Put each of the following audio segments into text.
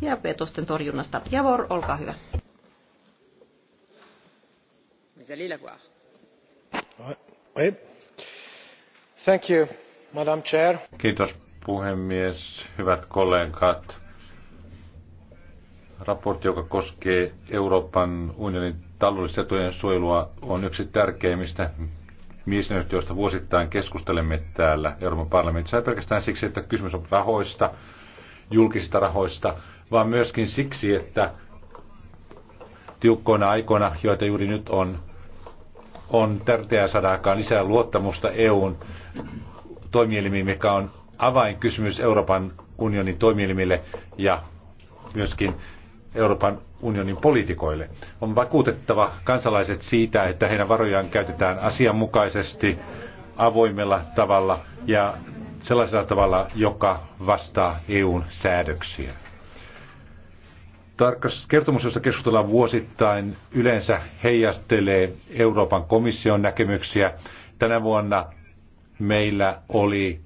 ja petosten torjunnasta. Javor, olkaa hyvä. Thank you, Madam Chair. Kiitos puhemies, hyvät kollegat. Raportti, joka koskee Euroopan unionin taloudellisten etujen suojelua, on yksi tärkeimmistä mietinnöistä, joista vuosittain keskustelemme täällä Euroopan parlamentissa. Ei pelkästään siksi, että kysymys on rahoista, julkisista rahoista, vaan myöskin siksi, että tiukkoina aikoina, joita juuri nyt on, on tärkeää saada aikaan lisää luottamusta EUn toimielimiin, mikä on avainkysymys Euroopan unionin toimielimille ja myöskin Euroopan unionin poliitikoille. On vakuutettava kansalaiset siitä, että heidän varojaan käytetään asianmukaisesti, avoimella tavalla ja sellaisella tavalla, joka vastaa EUn säädöksiä. Tarkas kertomus, josta keskustellaan vuosittain, yleensä heijastelee Euroopan komission näkemyksiä. Tänä vuonna meillä oli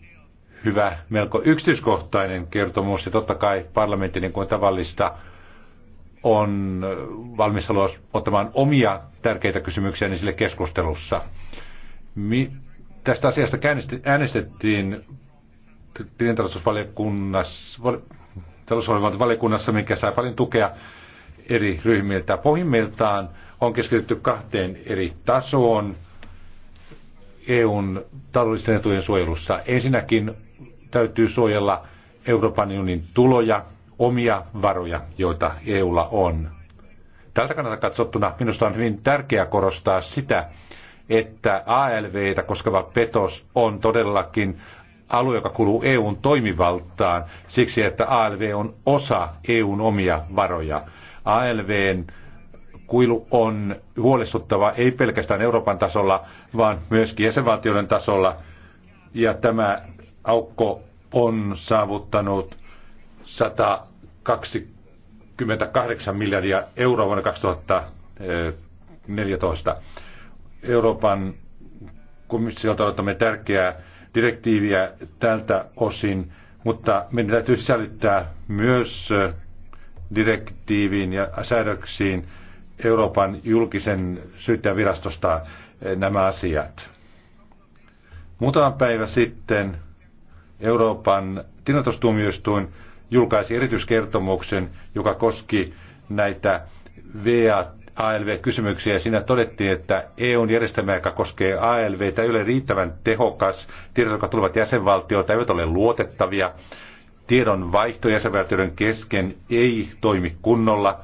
hyvä, melko yksityiskohtainen kertomus, ja totta kai parlamentti, niin kuin tavallista, on valmis ottamaan omia tärkeitä kysymyksiä niin sille keskustelussa. Mi- tästä asiasta äänestettiin tilintarkastusvaliokunnassa talousvalvonnan valikunnassa, mikä sai paljon tukea eri ryhmiltä. Pohjimmiltaan on keskitytty kahteen eri tasoon EUn taloudellisten etujen suojelussa. Ensinnäkin täytyy suojella Euroopan unionin tuloja, omia varoja, joita EUlla on. Tältä kannalta katsottuna minusta on hyvin tärkeää korostaa sitä, että ALVtä koskeva petos on todellakin alue, joka kuuluu EUn toimivaltaan siksi, että ALV on osa EUn omia varoja. ALVn kuilu on huolestuttava ei pelkästään Euroopan tasolla, vaan myöskin jäsenvaltioiden tasolla. Ja tämä aukko on saavuttanut 128 miljardia euroa vuonna 2014. Euroopan komissiolta odotamme tärkeää direktiiviä tältä osin, mutta meidän täytyy sisällyttää myös direktiiviin ja säädöksiin Euroopan julkisen syyttäjävirastosta nämä asiat. Muutama päivä sitten Euroopan tilatustuomioistuin julkaisi erityiskertomuksen, joka koski näitä VAT ALV-kysymyksiä. Siinä todettiin, että EUn järjestelmä, joka koskee ALV, ei ole riittävän tehokas. Tiedot, jotka tulevat jäsenvaltioita, eivät ole luotettavia. Tiedon vaihto jäsenvaltioiden kesken ei toimi kunnolla.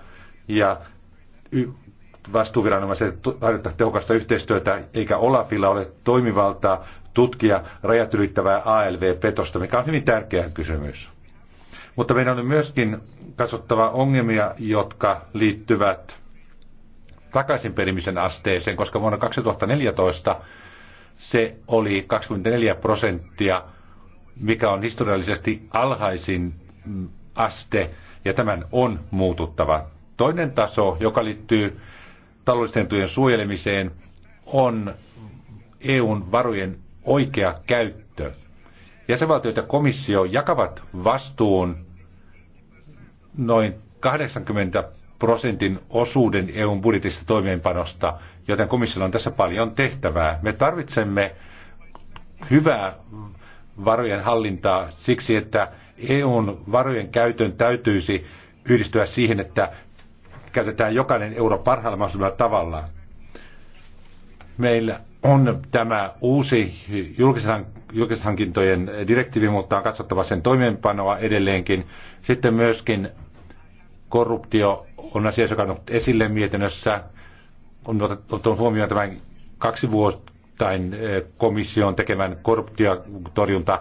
Ja vastuuviranomaiset harjoittavat tehokasta yhteistyötä, eikä Olafilla ole toimivaltaa tutkia rajat ylittävää ALV-petosta, mikä on hyvin tärkeä kysymys. Mutta meidän on myöskin katsottava ongelmia, jotka liittyvät takaisinperimisen asteeseen, koska vuonna 2014 se oli 24 prosenttia, mikä on historiallisesti alhaisin mm, aste, ja tämän on muututtava. Toinen taso, joka liittyy taloudellisten tujen suojelemiseen, on EUn varojen oikea käyttö. Jäsenvaltiot ja komissio jakavat vastuun noin 80 prosentin osuuden EUn budjetista toimeenpanosta, joten komissiolla on tässä paljon tehtävää. Me tarvitsemme hyvää varojen hallintaa siksi, että EUn varojen käytön täytyisi yhdistyä siihen, että käytetään jokainen euro parhaalla mahdollisella tavalla. Meillä on tämä uusi julkishankintojen direktiivi, mutta on katsottava sen toimeenpanoa edelleenkin. Sitten myöskin Korruptio on asia, joka on ollut esille mietinnössä. On otettu huomioon tämän kaksi vuostain eh, komission tekemän korruptiotorjunta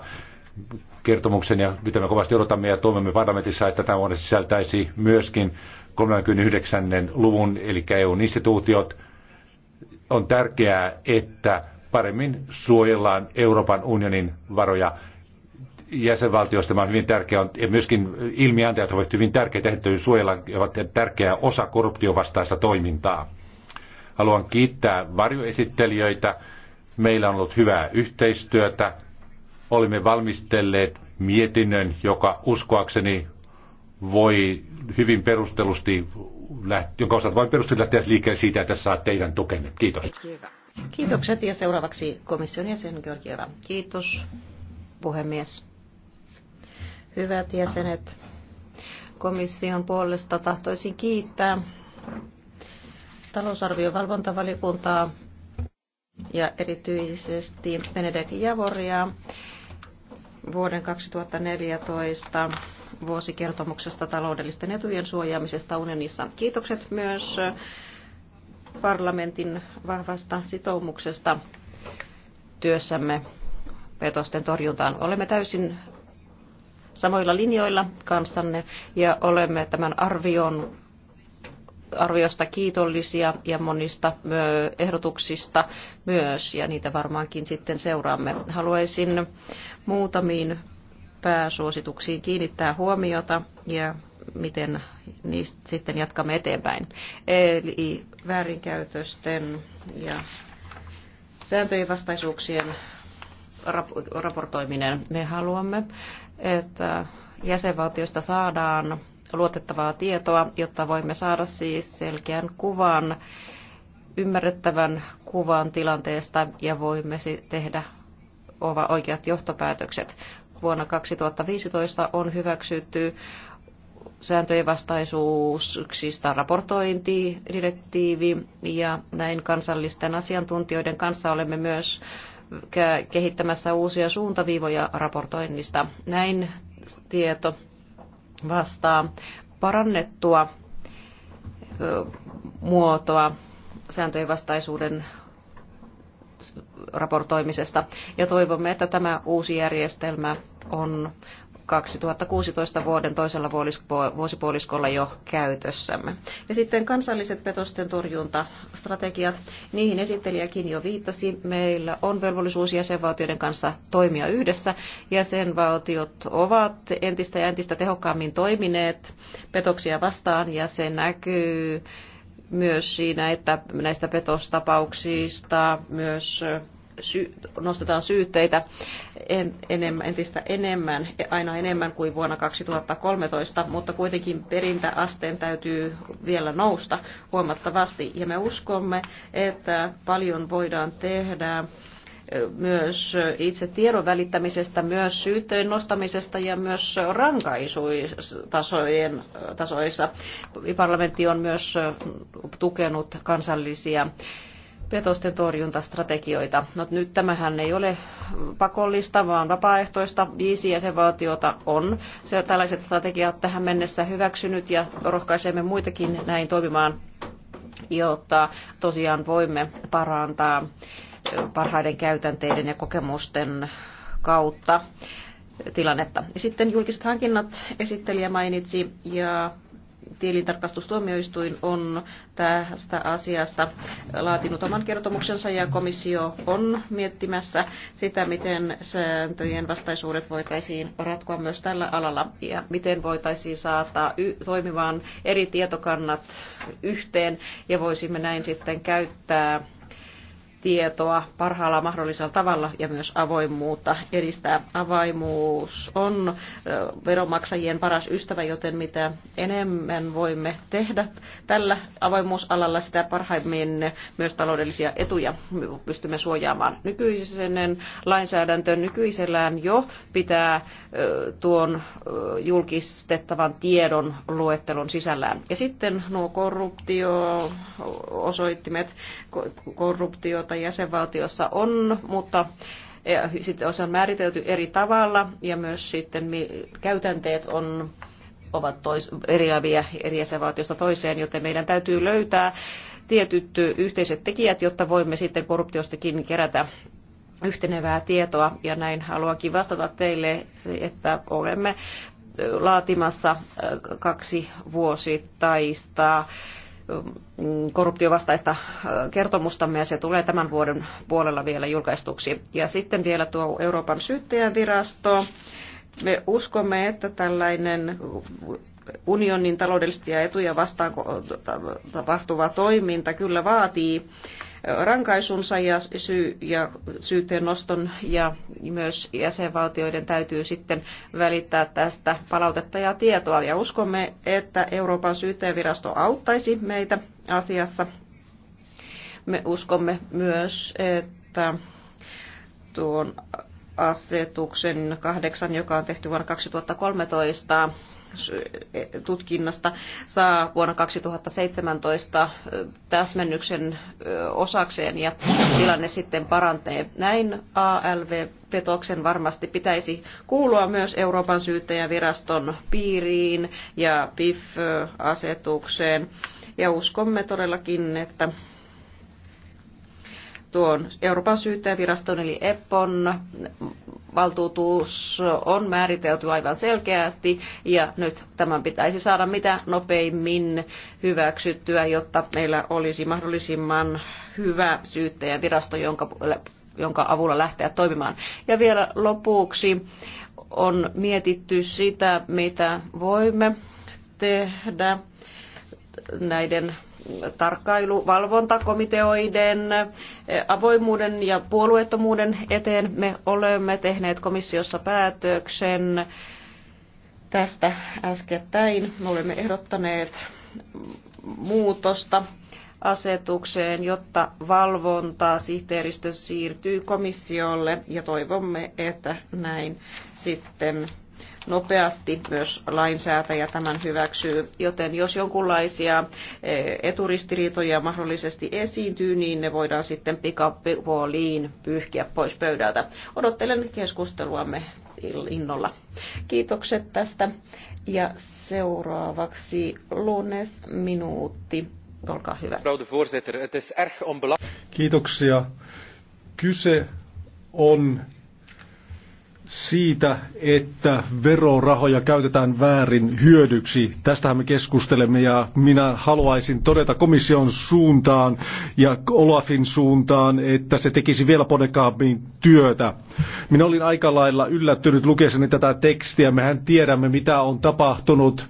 kertomuksen ja mitä me kovasti odotamme ja toimimme parlamentissa, että tämä vuonna sisältäisi myöskin 39. luvun, eli eu instituutiot. On tärkeää, että paremmin suojellaan Euroopan unionin varoja jäsenvaltioista on hyvin tärkeä, on, ja myöskin ilmiantajat ovat hyvin tärkeitä, että suojella ovat tärkeä osa korruptiovastaista toimintaa. Haluan kiittää varjoesittelijöitä. Meillä on ollut hyvää yhteistyötä. Olemme valmistelleet mietinnön, joka uskoakseni voi hyvin perustelusti, jonka osalta voi perustella lähteä liikkeelle siitä, että saa teidän tukenne. Kiitos. Kiitokset ja seuraavaksi komission jäsen Georgieva. Kiitos puhemies. Hyvät jäsenet, komission puolesta tahtoisin kiittää talousarviovalvontavaliokuntaa ja erityisesti Benedek Javoria vuoden 2014 vuosikertomuksesta taloudellisten etujen suojaamisesta unionissa. Kiitokset myös parlamentin vahvasta sitoumuksesta työssämme petosten torjuntaan. Olemme täysin samoilla linjoilla kanssanne ja olemme tämän arvion arviosta kiitollisia ja monista ehdotuksista myös, ja niitä varmaankin sitten seuraamme. Haluaisin muutamiin pääsuosituksiin kiinnittää huomiota ja miten niistä sitten jatkamme eteenpäin. Eli väärinkäytösten ja sääntöjen vastaisuuksien raportoiminen. Me haluamme että jäsenvaltiosta saadaan luotettavaa tietoa, jotta voimme saada siis selkeän kuvan, ymmärrettävän kuvan tilanteesta ja voimme tehdä oikeat johtopäätökset. Vuonna 2015 on hyväksytty sääntöjen vastaisuuksista raportointidirektiivi ja näin kansallisten asiantuntijoiden kanssa olemme myös kehittämässä uusia suuntaviivoja raportoinnista. Näin tieto vastaa parannettua muotoa sääntöjen vastaisuuden raportoimisesta ja toivomme, että tämä uusi järjestelmä on 2016 vuoden toisella vuosipuoliskolla jo käytössämme. Ja sitten kansalliset petosten torjuntastrategiat, niihin esittelijäkin jo viittasi. Meillä on velvollisuus jäsenvaltioiden kanssa toimia yhdessä. Jäsenvaltiot ovat entistä ja entistä tehokkaammin toimineet petoksia vastaan ja se näkyy myös siinä, että näistä petostapauksista myös sy- nostetaan syytteitä en, enemmän, entistä enemmän, aina enemmän kuin vuonna 2013, mutta kuitenkin perintäasteen täytyy vielä nousta huomattavasti. Ja me uskomme, että paljon voidaan tehdä myös itse tiedon välittämisestä, myös syytteen nostamisesta ja myös rankaisuistasojen tasoissa. Parlamentti on myös tukenut kansallisia petosten torjuntastrategioita. No, nyt tämähän ei ole pakollista, vaan vapaaehtoista. Viisi jäsenvaltiota on se, tällaiset strategiat tähän mennessä hyväksynyt ja rohkaisemme muitakin näin toimimaan, jotta tosiaan voimme parantaa parhaiden käytänteiden ja kokemusten kautta tilannetta. Sitten julkiset hankinnat esittelijä mainitsi ja tilintarkastustuomioistuin on tästä asiasta laatinut oman kertomuksensa ja komissio on miettimässä sitä, miten sääntöjen vastaisuudet voitaisiin ratkoa myös tällä alalla ja miten voitaisiin saada toimivaan eri tietokannat yhteen ja voisimme näin sitten käyttää tietoa parhaalla mahdollisella tavalla ja myös avoimuutta edistää. Avaimuus on veronmaksajien paras ystävä, joten mitä enemmän voimme tehdä tällä avoimuusalalla, sitä parhaimmin myös taloudellisia etuja pystymme suojaamaan. Nykyisen lainsäädäntö nykyisellään jo pitää tuon julkistettavan tiedon luettelon sisällään. Ja sitten nuo korruptio-osoittimet, korruptio osalta jäsenvaltiossa on, mutta e, sitten se on määritelty eri tavalla ja myös sitten käytänteet on, ovat tois, eriäviä eri jäsenvaltiosta toiseen, joten meidän täytyy löytää tietyt yhteiset tekijät, jotta voimme sitten korruptiostakin kerätä yhtenevää tietoa. Ja näin haluankin vastata teille, että olemme laatimassa e, kaksi vuosittaista korruptiovastaista kertomustamme ja se tulee tämän vuoden puolella vielä julkaistuksi. Ja sitten vielä tuo Euroopan syyttäjän virasto. Me uskomme, että tällainen unionin taloudellisia etuja vastaan tapahtuva toiminta kyllä vaatii rankaisunsa ja, syy, ja syyteen noston ja myös jäsenvaltioiden täytyy sitten välittää tästä palautetta ja tietoa. Ja uskomme, että Euroopan syyteenvirasto auttaisi meitä asiassa. Me uskomme myös, että tuon asetuksen kahdeksan, joka on tehty vuonna 2013, tutkinnasta saa vuonna 2017 täsmennyksen osakseen ja tilanne sitten parantee Näin ALV-petoksen varmasti pitäisi kuulua myös Euroopan syyttäjäviraston piiriin ja PIF-asetukseen. Ja uskomme todellakin, että tuon Euroopan syyttäjäviraston eli EPPON valtuutus on määritelty aivan selkeästi ja nyt tämän pitäisi saada mitä nopeimmin hyväksyttyä, jotta meillä olisi mahdollisimman hyvä syyttäjävirasto, jonka, jonka avulla lähteä toimimaan. Ja vielä lopuksi on mietitty sitä, mitä voimme tehdä näiden tarkkailuvalvontakomiteoiden eh, avoimuuden ja puolueettomuuden eteen me olemme tehneet komissiossa päätöksen tästä äskettäin. Me olemme ehdottaneet muutosta asetukseen, jotta valvontaa sihteeristö siirtyy komissiolle ja toivomme, että näin sitten nopeasti myös lainsäätäjä tämän hyväksyy. Joten jos jonkunlaisia e, eturistiriitoja mahdollisesti esiintyy, niin ne voidaan sitten pikapuoliin pyyhkiä pois pöydältä. Odottelen keskusteluamme innolla. Kiitokset tästä. Ja seuraavaksi Lunes minuutti. Olkaa hyvä. Kiitoksia. Kyse on siitä, että verorahoja käytetään väärin hyödyksi. Tästähän me keskustelemme ja minä haluaisin todeta komission suuntaan ja Olafin suuntaan, että se tekisi vielä ponekaammin työtä. Minä olin aika lailla yllättynyt lukeessani tätä tekstiä. Mehän tiedämme, mitä on tapahtunut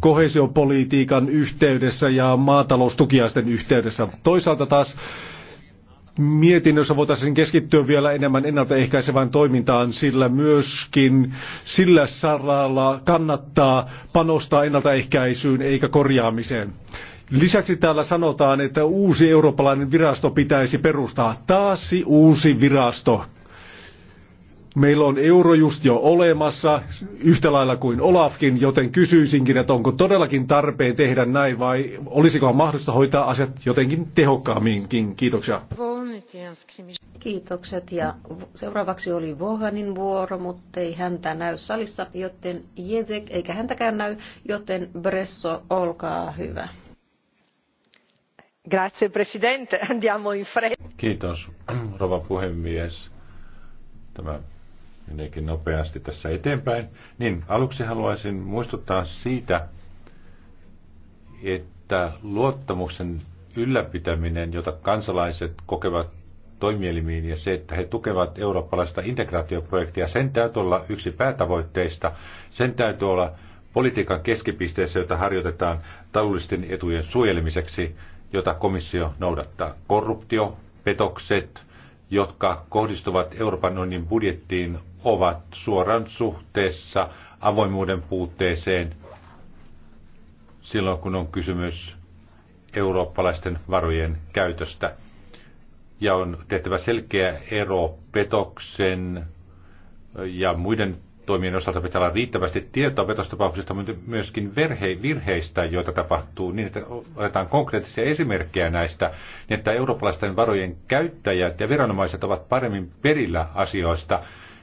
kohesiopolitiikan yhteydessä ja maataloustukiaisten yhteydessä. Toisaalta taas mietinnössä voitaisiin keskittyä vielä enemmän ennaltaehkäisevään toimintaan, sillä myöskin sillä saralla kannattaa panostaa ennaltaehkäisyyn eikä korjaamiseen. Lisäksi täällä sanotaan, että uusi eurooppalainen virasto pitäisi perustaa. Taas uusi virasto. Meillä on Eurojust jo olemassa, yhtä lailla kuin Olafkin, joten kysyisinkin, että onko todellakin tarpeen tehdä näin vai olisiko mahdollista hoitaa asiat jotenkin tehokkaamminkin. Kiitoksia. Kiitokset ja seuraavaksi oli Vohanin vuoro, mutta ei häntä näy salissa, joten Jezek eikä häntäkään näy, joten Bresso, olkaa hyvä. Grazie Presidente, andiamo in fretta. Kiitos, rova puhemies. Tämä meneekin nopeasti tässä eteenpäin. Niin, aluksi haluaisin muistuttaa siitä, että luottamuksen ylläpitäminen, jota kansalaiset kokevat toimielimiin ja se, että he tukevat eurooppalaista integraatioprojektia, sen täytyy olla yksi päätavoitteista. Sen täytyy olla politiikan keskipisteessä, jota harjoitetaan taloudellisten etujen suojelemiseksi, jota komissio noudattaa. Korruptio, petokset, jotka kohdistuvat Euroopan unionin budjettiin, ovat suoran suhteessa avoimuuden puutteeseen silloin, kun on kysymys eurooppalaisten varojen käytöstä. Ja on tehtävä selkeä ero petoksen ja muiden toimien osalta pitää olla riittävästi tietoa petostapauksista, mutta myöskin verhe, virheistä, joita tapahtuu, niin että otetaan konkreettisia esimerkkejä näistä, niin että eurooppalaisten varojen käyttäjät ja viranomaiset ovat paremmin perillä asioista,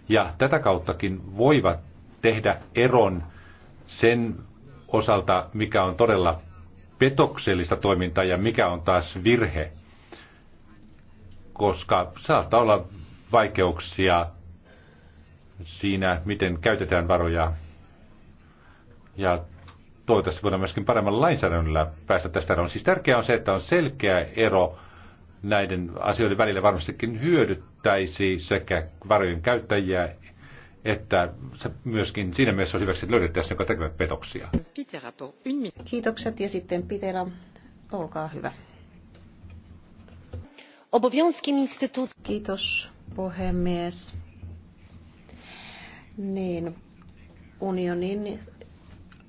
ja tätä kauttakin voivat tehdä eron sen osalta, mikä on todella petoksellista toimintaa ja mikä on taas virhe, koska saattaa olla vaikeuksia siinä, miten käytetään varoja. Ja toivottavasti voidaan myöskin paremmalla lainsäädännöllä päästä tästä eroon. Siis tärkeää on se, että on selkeä ero näiden asioiden välillä varmastikin hyödyttäisi sekä varojen käyttäjiä että se myöskin siinä mielessä olisi hyväksi, että löydettäisiin, joka tekevät petoksia. Kiitokset ja sitten Pitera, olkaa hyvä. Kiitos puhemies niin unionin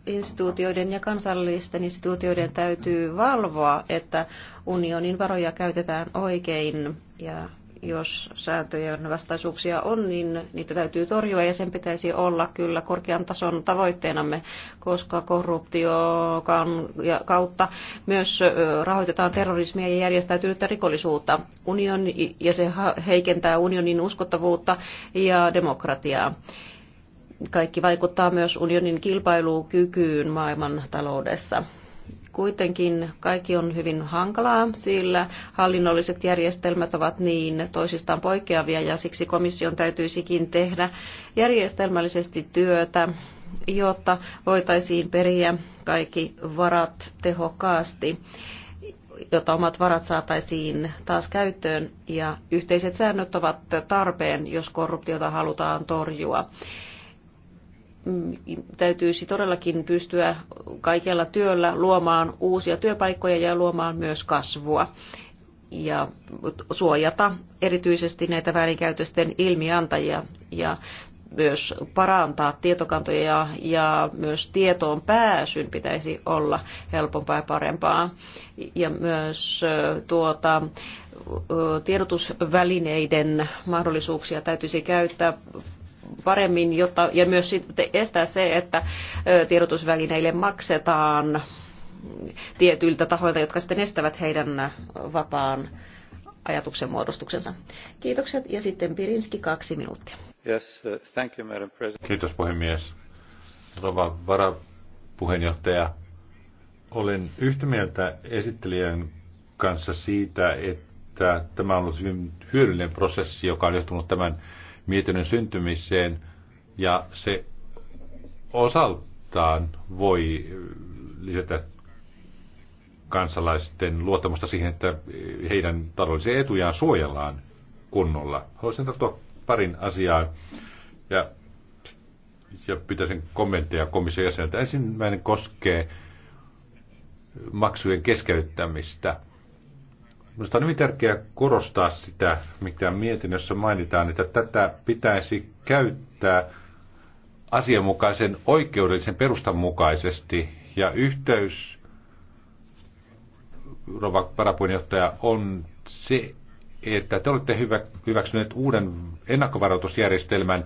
instituutioiden ja kansallisten instituutioiden täytyy valvoa, että unionin varoja käytetään oikein ja jos sääntöjen vastaisuuksia on, niin niitä täytyy torjua ja sen pitäisi olla kyllä korkean tason tavoitteenamme, koska korruptio kautta myös rahoitetaan terrorismia ja järjestäytynyttä rikollisuutta. Union, ja se heikentää unionin uskottavuutta ja demokratiaa kaikki vaikuttaa myös unionin kilpailukykyyn maailman taloudessa. Kuitenkin kaikki on hyvin hankalaa, sillä hallinnolliset järjestelmät ovat niin toisistaan poikkeavia ja siksi komission täytyisikin tehdä järjestelmällisesti työtä, jotta voitaisiin periä kaikki varat tehokkaasti jotta omat varat saataisiin taas käyttöön ja yhteiset säännöt ovat tarpeen, jos korruptiota halutaan torjua. Mm, täytyisi todellakin pystyä kaikella työllä luomaan uusia työpaikkoja ja luomaan myös kasvua ja suojata erityisesti näitä väärinkäytösten ilmiantajia ja myös parantaa tietokantoja ja, ja myös tietoon pääsyn pitäisi olla helpompaa ja parempaa. Ja myös tuota, tiedotusvälineiden mahdollisuuksia täytyisi käyttää paremmin jotta, ja myös estää se, että tiedotusvälineille maksetaan tietyiltä tahoilta, jotka sitten estävät heidän vapaan ajatuksen muodostuksensa. Kiitokset ja sitten Pirinski kaksi minuuttia. Yes, uh, thank you, Madam President. Kiitos puhemies. Rova varapuheenjohtaja, olen yhtä mieltä esittelijän kanssa siitä, että tämä on ollut hyvin hyödyllinen prosessi, joka on johtunut tämän mietinnön syntymiseen ja se osaltaan voi lisätä kansalaisten luottamusta siihen, että heidän taloudellisia etujaan suojellaan kunnolla. Haluaisin tarttua parin asiaan ja, ja pitäisin kommentteja komission jäseneltä. Ensimmäinen koskee maksujen keskeyttämistä – Minusta on hyvin tärkeää korostaa sitä, mitä mietinnössä mainitaan, että tätä pitäisi käyttää asianmukaisen oikeudellisen perustan mukaisesti. Ja yhteys, rova varapuheenjohtaja, on se, että te olette hyvä, hyväksyneet uuden ennakkovaroitusjärjestelmän,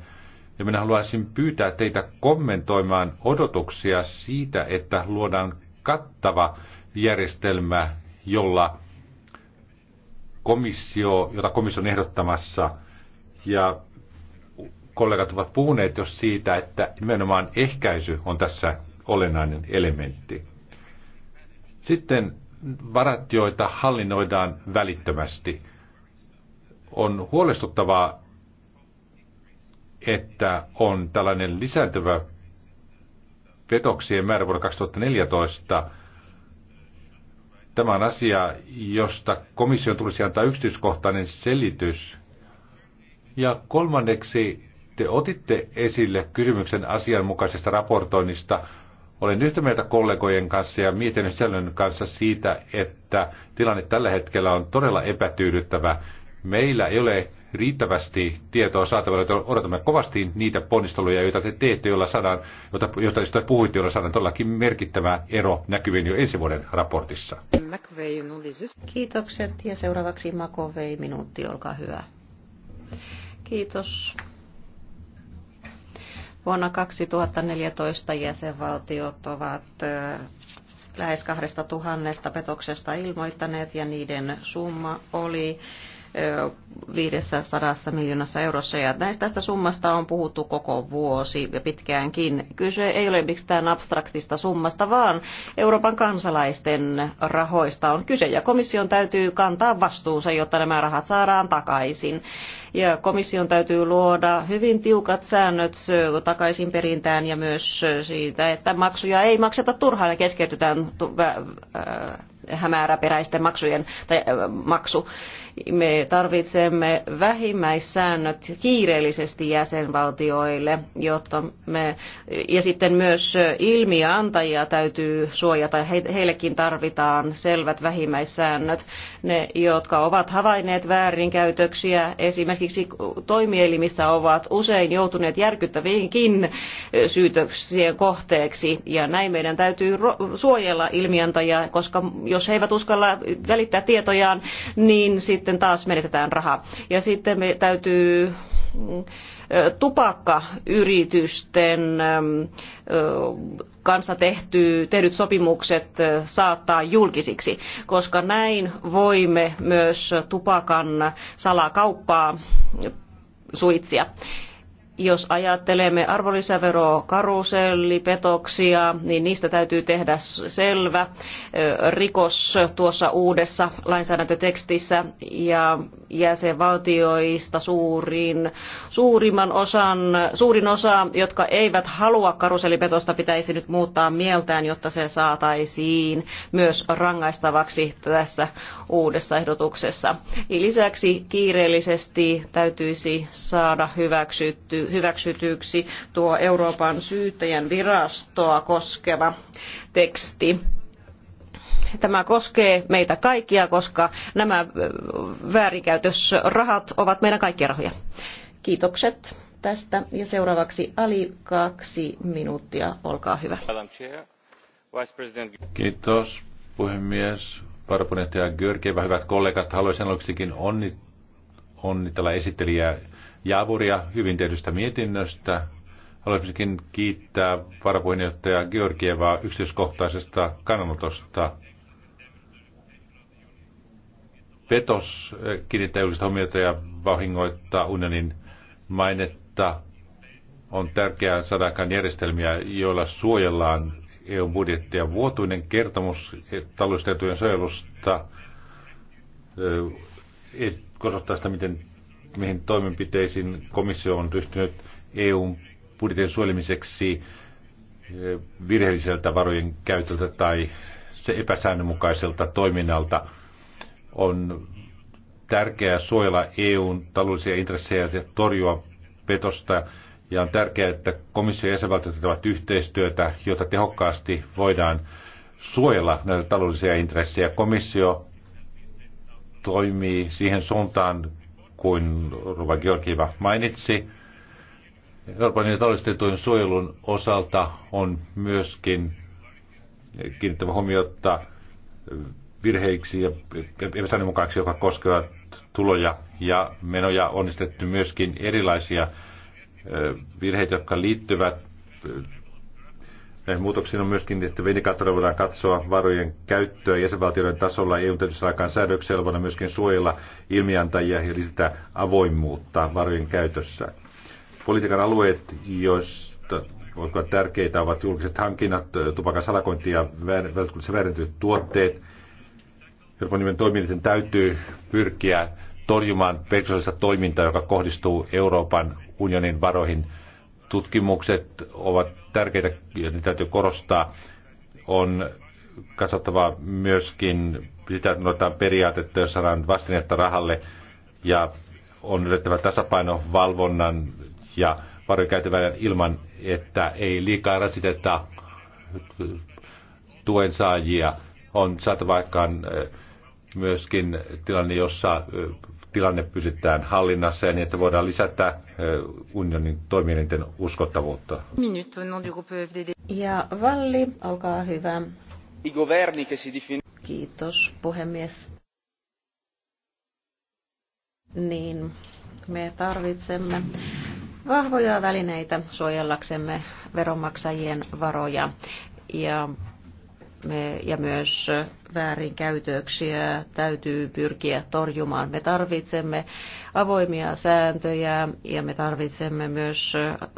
ja minä haluaisin pyytää teitä kommentoimaan odotuksia siitä, että luodaan kattava järjestelmä, jolla komissio, jota komissio ehdottamassa, ja kollegat ovat puhuneet jo siitä, että nimenomaan ehkäisy on tässä olennainen elementti. Sitten varat, joita hallinnoidaan välittömästi. On huolestuttavaa, että on tällainen lisääntyvä petoksien määrä vuonna 2014 Tämä on asia, josta komission tulisi antaa yksityiskohtainen selitys. Ja kolmanneksi, te otitte esille kysymyksen asianmukaisesta raportoinnista. Olen yhtä mieltä kollegojen kanssa ja mietinnön sisällön kanssa siitä, että tilanne tällä hetkellä on todella epätyydyttävä. Meillä ei ole riittävästi tietoa saatavilla, että odotamme kovasti niitä ponnisteluja, joita te teette, joilla saadaan, joita, joista, joista puhuitte, joilla saadaan todellakin merkittävä ero näkyviin jo ensi vuoden raportissa. Kiitokset ja seuraavaksi Makovei minuutti, olkaa hyvä. Kiitos. Vuonna 2014 jäsenvaltiot ovat lähes kahdesta tuhannesta petoksesta ilmoittaneet ja niiden summa oli 500 miljoonassa eurossa. Ja näistä tästä summasta on puhuttu koko vuosi ja pitkäänkin. Kyse ei ole mikään abstraktista summasta, vaan Euroopan kansalaisten rahoista on kyse. Ja komission täytyy kantaa vastuunsa, jotta nämä rahat saadaan takaisin. Ja komission täytyy luoda hyvin tiukat säännöt takaisin perintään ja myös siitä, että maksuja ei makseta turhaan ja keskeytetään hämääräperäisten maksujen tai, maksu me tarvitsemme vähimmäissäännöt kiireellisesti jäsenvaltioille, jotta me, ja sitten myös ilmiöantajia täytyy suojata. Heillekin tarvitaan selvät vähimmäissäännöt. Ne, jotka ovat havainneet väärinkäytöksiä, esimerkiksi toimielimissä ovat usein joutuneet järkyttäviinkin syytöksien kohteeksi. Ja näin meidän täytyy suojella ilmiantajia, koska jos he eivät uskalla välittää tietojaan, niin sitten sitten taas menetetään rahaa. Ja sitten me täytyy mm, tupakkayritysten mm, kanssa tehty, tehdyt sopimukset saattaa julkisiksi, koska näin voimme myös tupakan salakauppaa suitsia. Jos ajattelemme arvonlisäverokaruselli-petoksia, niin niistä täytyy tehdä selvä rikos tuossa uudessa lainsäädäntötekstissä ja jäsenvaltioista suurin, suurimman osan, suurin osa, jotka eivät halua karusellipetosta, pitäisi nyt muuttaa mieltään, jotta se saataisiin myös rangaistavaksi tässä uudessa ehdotuksessa. Lisäksi kiireellisesti täytyisi saada hyväksytty hyväksytyksi tuo Euroopan syyttäjän virastoa koskeva teksti. Tämä koskee meitä kaikkia, koska nämä väärinkäytösrahat ovat meidän kaikkien rahoja. Kiitokset tästä. Ja seuraavaksi Ali, kaksi minuuttia. Olkaa hyvä. Kiitos puhemies. Varapuheenjohtaja Görkevä, hyvät kollegat, haluaisin aluksikin onnitella esittelijää Jaavuria hyvin tehdystä mietinnöstä. Haluaisinkin kiittää varapuheenjohtaja Georgievaa yksityiskohtaisesta kannanotosta. Petos kiinnittää julkista huomiota ja vahingoittaa unionin mainetta. On tärkeää saada aikaan järjestelmiä, joilla suojellaan EUn budjettia. Vuotuinen kertomus taloudellisten suojelusta osoittaa sitä, miten mihin toimenpiteisiin komissio on ryhtynyt EUn budjetin suojelemiseksi eh, virheelliseltä varojen käytöltä tai se epäsäännönmukaiselta toiminnalta. On tärkeää suojella EUn taloudellisia intressejä ja torjua petosta ja on tärkeää, että komissio ja jäsenvaltiot tekevät yhteistyötä, jota tehokkaasti voidaan suojella näitä taloudellisia intressejä. Komissio toimii siihen suuntaan kuin Ruva Georgieva mainitsi. Euroopan ja taloudellisen suojelun osalta on myöskin kiinnittävä huomiota virheiksi ja epäsäännönmukaiksi, joka koskevat tuloja ja menoja. On myöskin erilaisia virheitä, jotka liittyvät Näihin muutoksiin on myöskin liittyvä indikaattori, voidaan katsoa varojen käyttöä jäsenvaltioiden tasolla eu aikaan säädöksellä, voidaan myöskin suojella ilmiantajia ja lisätä avoimuutta varojen käytössä. Politiikan alueet, joista jotka tärkeitä ovat julkiset hankinnat, tupakan salakointi ja välttämättä väärentyneet tuotteet. Euroopan nimen toimijoiden täytyy pyrkiä torjumaan peksosista toimintaa, joka kohdistuu Euroopan unionin varoihin tutkimukset ovat tärkeitä ja niitä täytyy korostaa. On katsottava myöskin sitä noita periaatetta, jos saadaan vastinetta rahalle ja on löydettävä tasapaino valvonnan ja varojen ilman, että ei liikaa rasiteta tuen saajia. On saatava aikaan myöskin tilanne, jossa tilanne pysytään hallinnassa ja niin, että voidaan lisätä unionin toimielinten uskottavuutta. No, ja Valli, olkaa hyvä. Kiitos, puhemies. Niin, me tarvitsemme vahvoja välineitä suojellaksemme veronmaksajien varoja ja me, ja myös väärinkäytöksiä täytyy pyrkiä torjumaan. Me tarvitsemme avoimia sääntöjä ja me tarvitsemme myös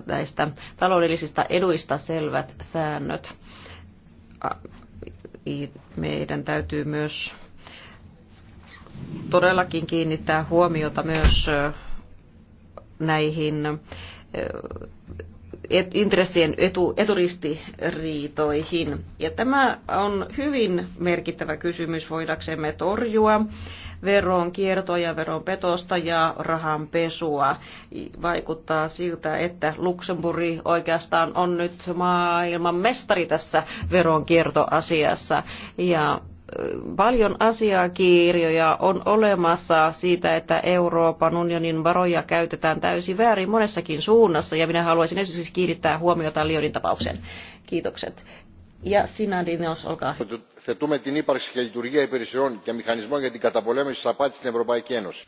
näistä taloudellisista eduista selvät säännöt. Meidän täytyy myös todellakin kiinnittää huomiota myös näihin et, intressien etu, eturistiriitoihin. Ja tämä on hyvin merkittävä kysymys, voidaksemme torjua veron kiertoa ja veron petosta ja rahan pesua. Vaikuttaa siltä, että Luxemburg oikeastaan on nyt maailman mestari tässä veron kiertoasiassa. Ja paljon asiakirjoja on olemassa siitä, että Euroopan unionin varoja käytetään täysin väärin monessakin suunnassa, ja minä haluaisin esimerkiksi kiinnittää huomiota Lionin tapaukseen. Kiitokset. Ja sinä, Dinos, olkaa hyvä. Θετούμε την ύπαρξη και λειτουργία υπηρεσιών και μηχανισμών για την καταπολέμηση της απάτης στην Ευρωπαϊκή Ένωση.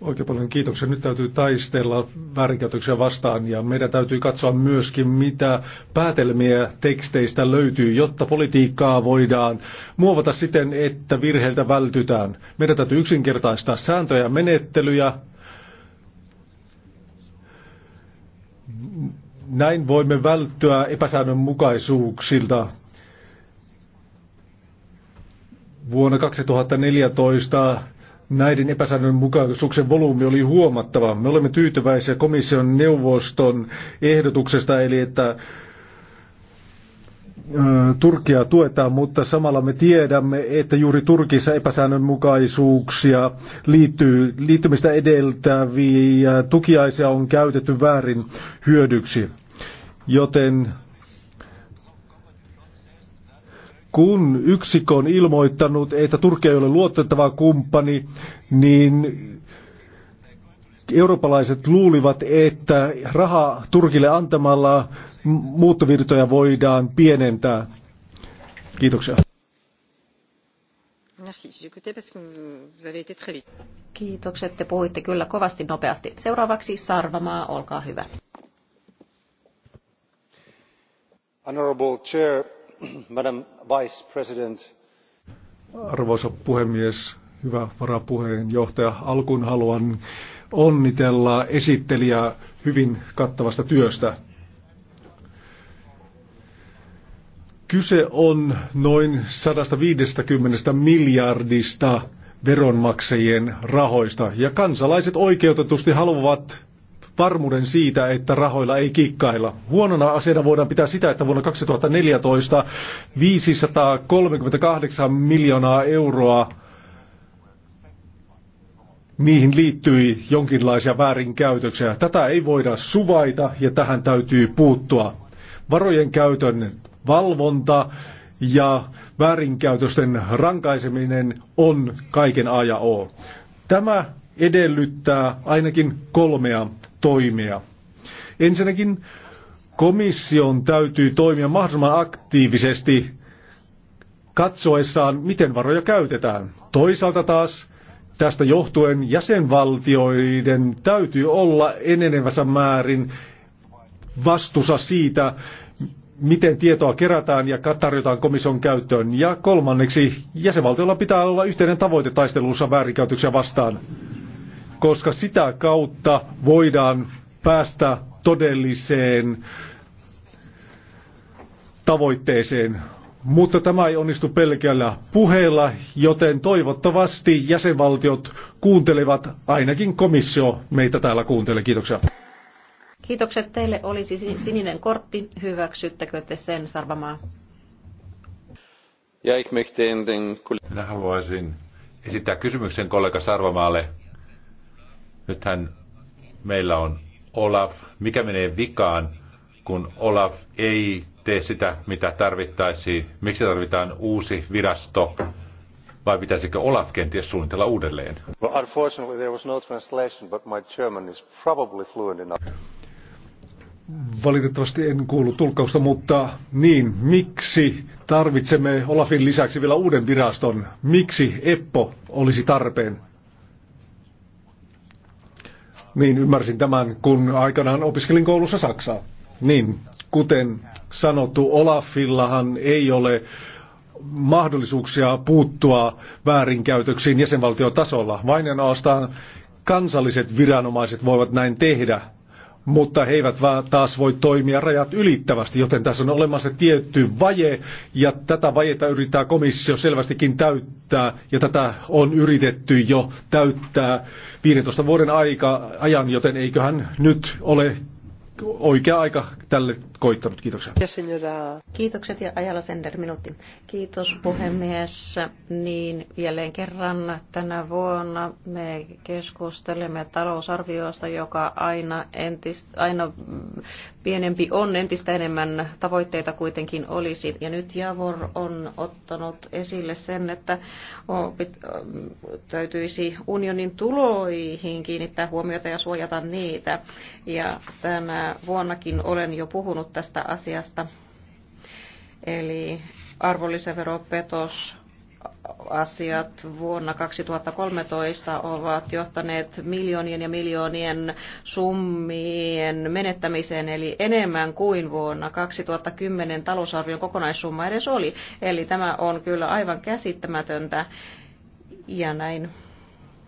Oikein paljon kiitoksia. Nyt täytyy taistella väärinkäytöksiä vastaan ja meidän täytyy katsoa myöskin, mitä päätelmiä teksteistä löytyy, jotta politiikkaa voidaan muovata siten, että virheiltä vältytään. Meidän täytyy yksinkertaistaa sääntöjä ja menettelyjä. Näin voimme välttyä epäsäännönmukaisuuksilta vuonna 2014 näiden epäsäännönmukaisuuksien volyymi oli huomattava. Me olemme tyytyväisiä komission neuvoston ehdotuksesta, eli että Turkia tuetaan, mutta samalla me tiedämme, että juuri Turkissa epäsäännönmukaisuuksia liittyy, liittymistä edeltäviä tukiaisia on käytetty väärin hyödyksi. Joten kun yksikö on ilmoittanut, että Turkki ei ole luotettava kumppani, niin eurooppalaiset luulivat, että raha Turkille antamalla muuttovirtoja voidaan pienentää. Kiitoksia. Kiitokset, te puhuitte kyllä kovasti nopeasti. Seuraavaksi Sarvamaa, olkaa hyvä. Honorable Chair, Arvoisa puhemies, hyvä varapuheenjohtaja, alkuun haluan onnitella esittelijää hyvin kattavasta työstä. Kyse on noin 150 miljardista veronmaksajien rahoista ja kansalaiset oikeutetusti haluavat varmuuden siitä, että rahoilla ei kikkailla. Huonona asiana voidaan pitää sitä, että vuonna 2014 538 miljoonaa euroa niihin liittyi jonkinlaisia väärinkäytöksiä. Tätä ei voida suvaita ja tähän täytyy puuttua. Varojen käytön valvonta ja väärinkäytösten rankaiseminen on kaiken A ja O. Tämä edellyttää ainakin kolmea toimia. Ensinnäkin komission täytyy toimia mahdollisimman aktiivisesti katsoessaan, miten varoja käytetään. Toisaalta taas tästä johtuen jäsenvaltioiden täytyy olla enenevässä määrin vastuussa siitä, miten tietoa kerätään ja tarjotaan komission käyttöön. Ja kolmanneksi, jäsenvaltiolla pitää olla yhteinen tavoite taistelussa väärinkäytöksiä vastaan koska sitä kautta voidaan päästä todelliseen tavoitteeseen. Mutta tämä ei onnistu pelkällä puheella, joten toivottavasti jäsenvaltiot kuuntelevat, ainakin komissio meitä täällä kuuntelee. Kiitoksia. Kiitokset teille. Olisi siis sininen kortti. Hyväksyttekö te sen, Sarvamaa? Ja ich möchte den... Minä haluaisin esittää kysymyksen kollega Sarvamaalle. Nythän meillä on Olaf. Mikä menee vikaan, kun Olaf ei tee sitä, mitä tarvittaisiin? Miksi tarvitaan uusi virasto? Vai pitäisikö Olaf kenties suunnitella uudelleen? No Valitettavasti en kuulu tulkkausta, mutta niin, miksi tarvitsemme Olafin lisäksi vielä uuden viraston? Miksi Eppo olisi tarpeen? Niin ymmärsin tämän, kun aikanaan opiskelin koulussa Saksaa. Niin, kuten sanottu, Olafillahan ei ole mahdollisuuksia puuttua väärinkäytöksiin jäsenvaltiotasolla. Vain ja kansalliset viranomaiset voivat näin tehdä mutta he eivät taas voi toimia rajat ylittävästi, joten tässä on olemassa tietty vaje, ja tätä vajetta yrittää komissio selvästikin täyttää, ja tätä on yritetty jo täyttää 15 vuoden aika, ajan, joten eiköhän nyt ole oikea aika tälle koittanut. Kiitoksia. Kiitokset ja ajalla Sender minuutti. Kiitos puhemies. Niin jälleen kerran tänä vuonna me keskustelemme talousarviosta, joka aina, entistä, aina pienempi on, entistä enemmän tavoitteita kuitenkin olisi. Ja nyt Javor on ottanut esille sen, että täytyisi unionin tuloihin kiinnittää huomiota ja suojata niitä. Ja tämä vuonnakin olen jo puhunut tästä asiasta. Eli arvonlisäveropetos asiat vuonna 2013 ovat johtaneet miljoonien ja miljoonien summien menettämiseen, eli enemmän kuin vuonna 2010 talousarvion kokonaissumma edes oli. Eli tämä on kyllä aivan käsittämätöntä ja näin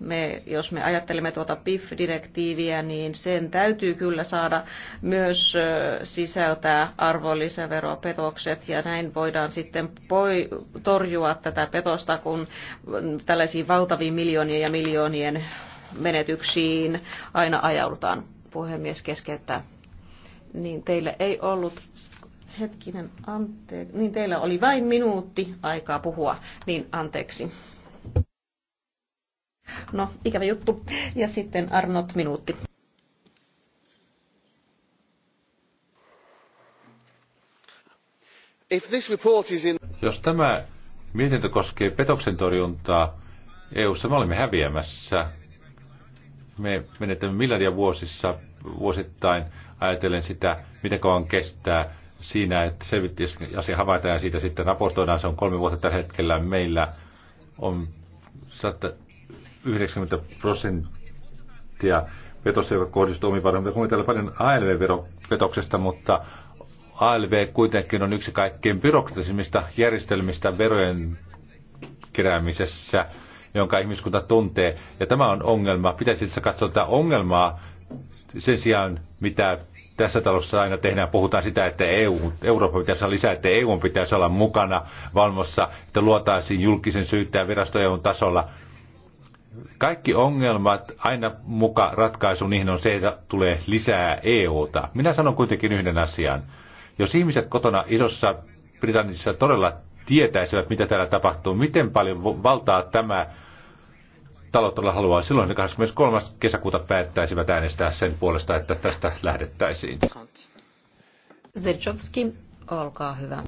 me, jos me ajattelemme tuota PIF-direktiiviä, niin sen täytyy kyllä saada myös sisältää arvonlisäveropetokset ja näin voidaan sitten poi, torjua tätä petosta, kun tällaisiin valtaviin miljoonien ja miljoonien menetyksiin aina ajaudutaan. Puhemies keskeyttää. Niin teillä ei ollut hetkinen, anteeksi, niin teillä oli vain minuutti aikaa puhua, niin anteeksi. No, ikävä juttu. Ja sitten Arnot minuutti. In... Jos tämä mietintö koskee petoksen torjuntaa EU-ssa, me olemme häviämässä. Me menetämme miljardia vuosissa vuosittain ajatellen sitä, miten kauan kestää siinä, että selvittäisiin asia havaitaan ja siitä sitten raportoidaan. Se on kolme vuotta tällä hetkellä. Meillä on 90 prosenttia vetosta, joka kohdistuu Me Puhumme täällä paljon alv vetoksesta, mutta ALV kuitenkin on yksi kaikkein byrokratisimmista järjestelmistä verojen keräämisessä, jonka ihmiskunta tuntee. Ja tämä on ongelma. Pitäisi itse katsoa tätä ongelmaa sen sijaan, mitä tässä talossa aina tehdään, puhutaan sitä, että EU, Eurooppa pitäisi olla lisää, että EU pitäisi olla mukana valmossa, että luotaisiin julkisen syyttäjän virastojen tasolla kaikki ongelmat, aina muka ratkaisu niihin on se, että tulee lisää EUta. Minä sanon kuitenkin yhden asian. Jos ihmiset kotona isossa Britannissa todella tietäisivät, mitä täällä tapahtuu, miten paljon valtaa tämä talo todella haluaa, silloin 23. kesäkuuta päättäisivät äänestää sen puolesta, että tästä lähdettäisiin. Zedjovski, olkaa hyvä.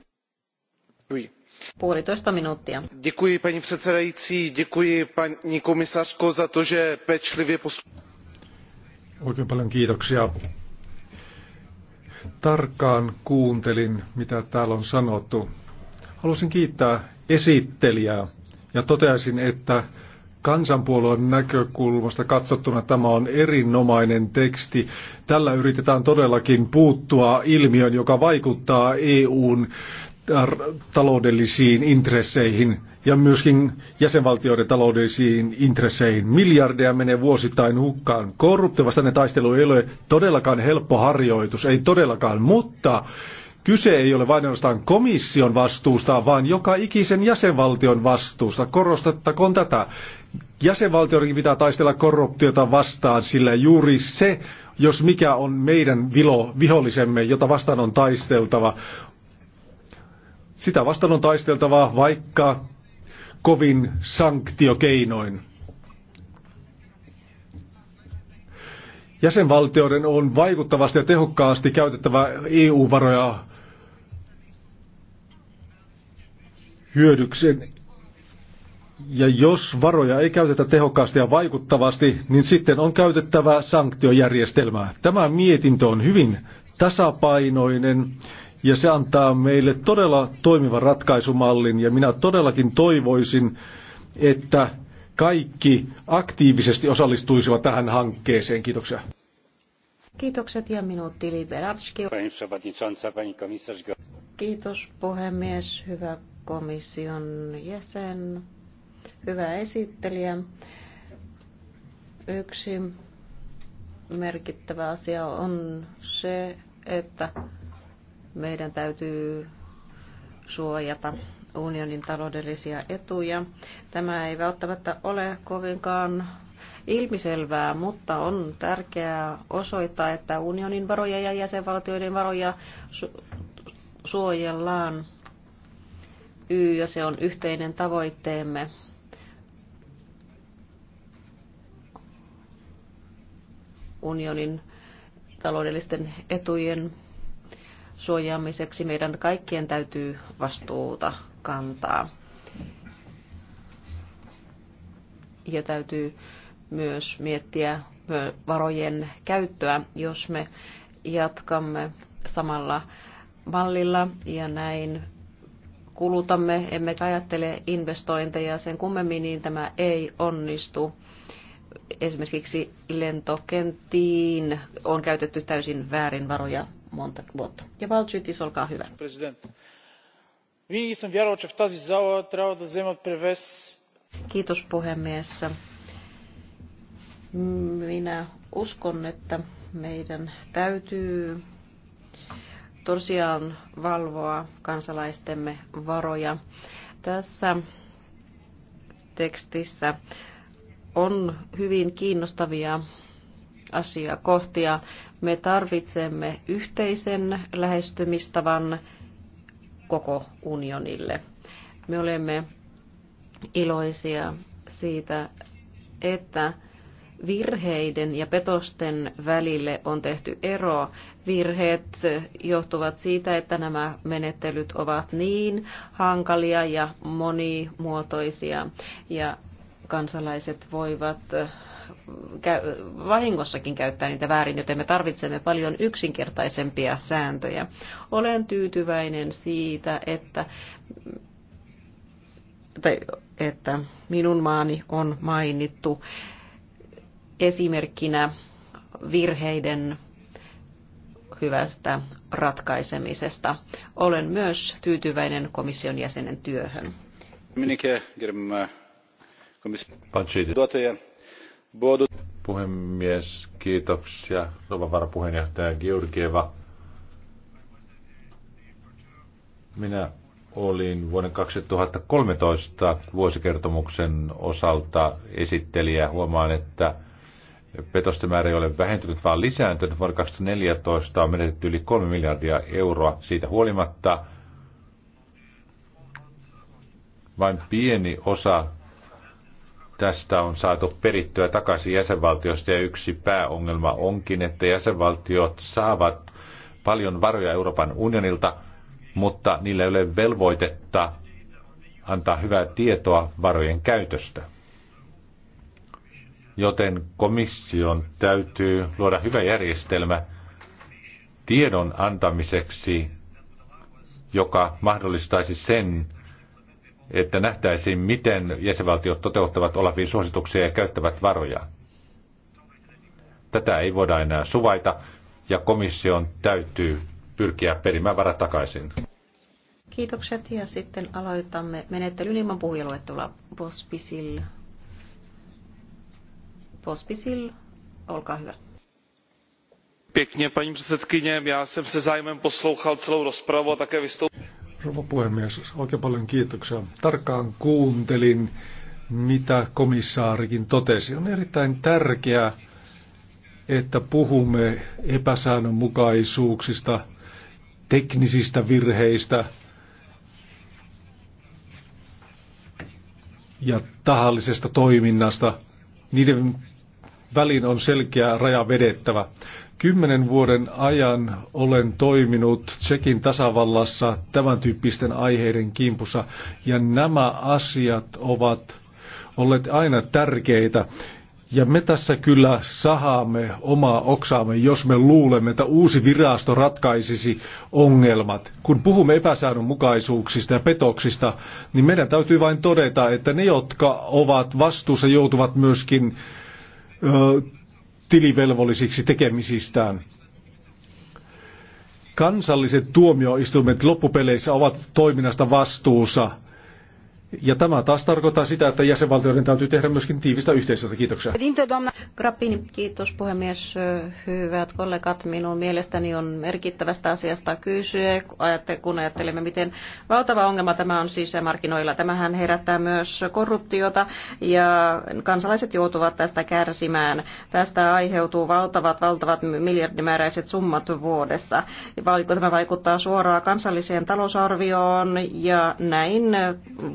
Oui. Puolitoista minuuttia. paní předsedající, děkuji paní komisařko za to, že pečlivě Oikein kiitoksia. Tarkkaan kuuntelin, mitä täällä on sanottu. Haluaisin kiittää esittelijää ja toteaisin, että kansanpuolueen näkökulmasta katsottuna tämä on erinomainen teksti. Tällä yritetään todellakin puuttua ilmiön, joka vaikuttaa EUn taloudellisiin intresseihin ja myöskin jäsenvaltioiden taloudellisiin intresseihin. Miljardeja menee vuosittain hukkaan. Korruptiosta ne taistelu ei ole todellakaan helppo harjoitus, ei todellakaan, mutta kyse ei ole vain ainoastaan komission vastuusta, vaan joka ikisen jäsenvaltion vastuusta. Korostettakoon tätä. Jäsenvaltioidenkin pitää taistella korruptiota vastaan, sillä juuri se, jos mikä on meidän vilo, vihollisemme, jota vastaan on taisteltava, sitä vastaan on taisteltava vaikka kovin sanktiokeinoin. Jäsenvaltioiden on vaikuttavasti ja tehokkaasti käytettävä EU-varoja hyödyksen. Ja jos varoja ei käytetä tehokkaasti ja vaikuttavasti, niin sitten on käytettävä sanktiojärjestelmää. Tämä mietintö on hyvin tasapainoinen ja se antaa meille todella toimivan ratkaisumallin ja minä todellakin toivoisin, että kaikki aktiivisesti osallistuisivat tähän hankkeeseen. Kiitoksia. Kiitokset ja minuutti Liberatski. Kiitos puhemies, hyvä komission jäsen, hyvä esittelijä. Yksi merkittävä asia on se, että meidän täytyy suojata unionin taloudellisia etuja. Tämä ei välttämättä ole kovinkaan ilmiselvää, mutta on tärkeää osoittaa, että unionin varoja ja jäsenvaltioiden varoja su- suojellaan. Y, ja se on yhteinen tavoitteemme. Unionin taloudellisten etujen suojaamiseksi meidän kaikkien täytyy vastuuta kantaa. Ja täytyy myös miettiä varojen käyttöä, jos me jatkamme samalla mallilla ja näin kulutamme, emme ajattele investointeja sen kummemmin, niin tämä ei onnistu. Esimerkiksi lentokenttiin on käytetty täysin väärin varoja monta vuotta. Ja Valtsytis, olkaa hyvä. Kiitos puhemies. Minä uskon, että meidän täytyy tosiaan valvoa kansalaistemme varoja. Tässä tekstissä on hyvin kiinnostavia ja Me tarvitsemme yhteisen lähestymistavan koko unionille. Me olemme iloisia siitä, että virheiden ja petosten välille on tehty ero. Virheet johtuvat siitä, että nämä menettelyt ovat niin hankalia ja monimuotoisia ja kansalaiset voivat vahingossakin käyttää niitä väärin, joten me tarvitsemme paljon yksinkertaisempia sääntöjä. Olen tyytyväinen siitä, että, tai, että minun maani on mainittu esimerkkinä virheiden hyvästä ratkaisemisesta. Olen myös tyytyväinen komission jäsenen työhön. Minike, gerbiamą komisijos Puhemies, kiitoksia. Rova varapuheenjohtaja Georgieva. Minä olin vuoden 2013 vuosikertomuksen osalta esittelijä. Huomaan, että petosten määrä ei ole vähentynyt, vaan lisääntynyt. Vuonna 2014 on menetetty yli 3 miljardia euroa siitä huolimatta. Vain pieni osa tästä on saatu perittyä takaisin jäsenvaltiosta ja yksi pääongelma onkin, että jäsenvaltiot saavat paljon varoja Euroopan unionilta, mutta niillä ei ole velvoitetta antaa hyvää tietoa varojen käytöstä. Joten komission täytyy luoda hyvä järjestelmä tiedon antamiseksi, joka mahdollistaisi sen, että nähtäisiin, miten jäsenvaltiot toteuttavat Olafin suosituksia ja käyttävät varoja. Tätä ei voida enää suvaita, ja komission täytyy pyrkiä perimään varat takaisin. Kiitokset, ja sitten aloitamme menettelyn ilman puhujaluettelua Pospisil. Pospisil, olkaa hyvä. Pěkně, paní předsedkyně, já jsem se zájmem poslouchal celou rozpravu a také vystoupil Rouva puhemies, oikein paljon kiitoksia. Tarkkaan kuuntelin, mitä komissaarikin totesi. On erittäin tärkeää, että puhumme epäsäännönmukaisuuksista, teknisistä virheistä ja tahallisesta toiminnasta. Niiden välin on selkeä raja vedettävä. Kymmenen vuoden ajan olen toiminut Tsekin tasavallassa tämän tyyppisten aiheiden kimpussa, ja nämä asiat ovat olleet aina tärkeitä. Ja me tässä kyllä sahaamme omaa oksaamme, jos me luulemme, että uusi virasto ratkaisisi ongelmat. Kun puhumme epäsäännönmukaisuuksista ja petoksista, niin meidän täytyy vain todeta, että ne, jotka ovat vastuussa, joutuvat myöskin ö, tilivelvollisiksi tekemisistään. Kansalliset tuomioistuimet loppupeleissä ovat toiminnasta vastuussa ja tämä taas tarkoittaa sitä, että jäsenvaltioiden täytyy tehdä myöskin tiivistä yhteistyötä. Kiitoksia. Grappini, kiitos puhemies. Hyvät kollegat, minun mielestäni on merkittävästä asiasta kysyä, kun ajattelemme, miten valtava ongelma tämä on sisämarkkinoilla. Tämähän herättää myös korruptiota ja kansalaiset joutuvat tästä kärsimään. Tästä aiheutuu valtavat, valtavat miljardimääräiset summat vuodessa. Tämä vaikuttaa suoraan kansalliseen talousarvioon ja näin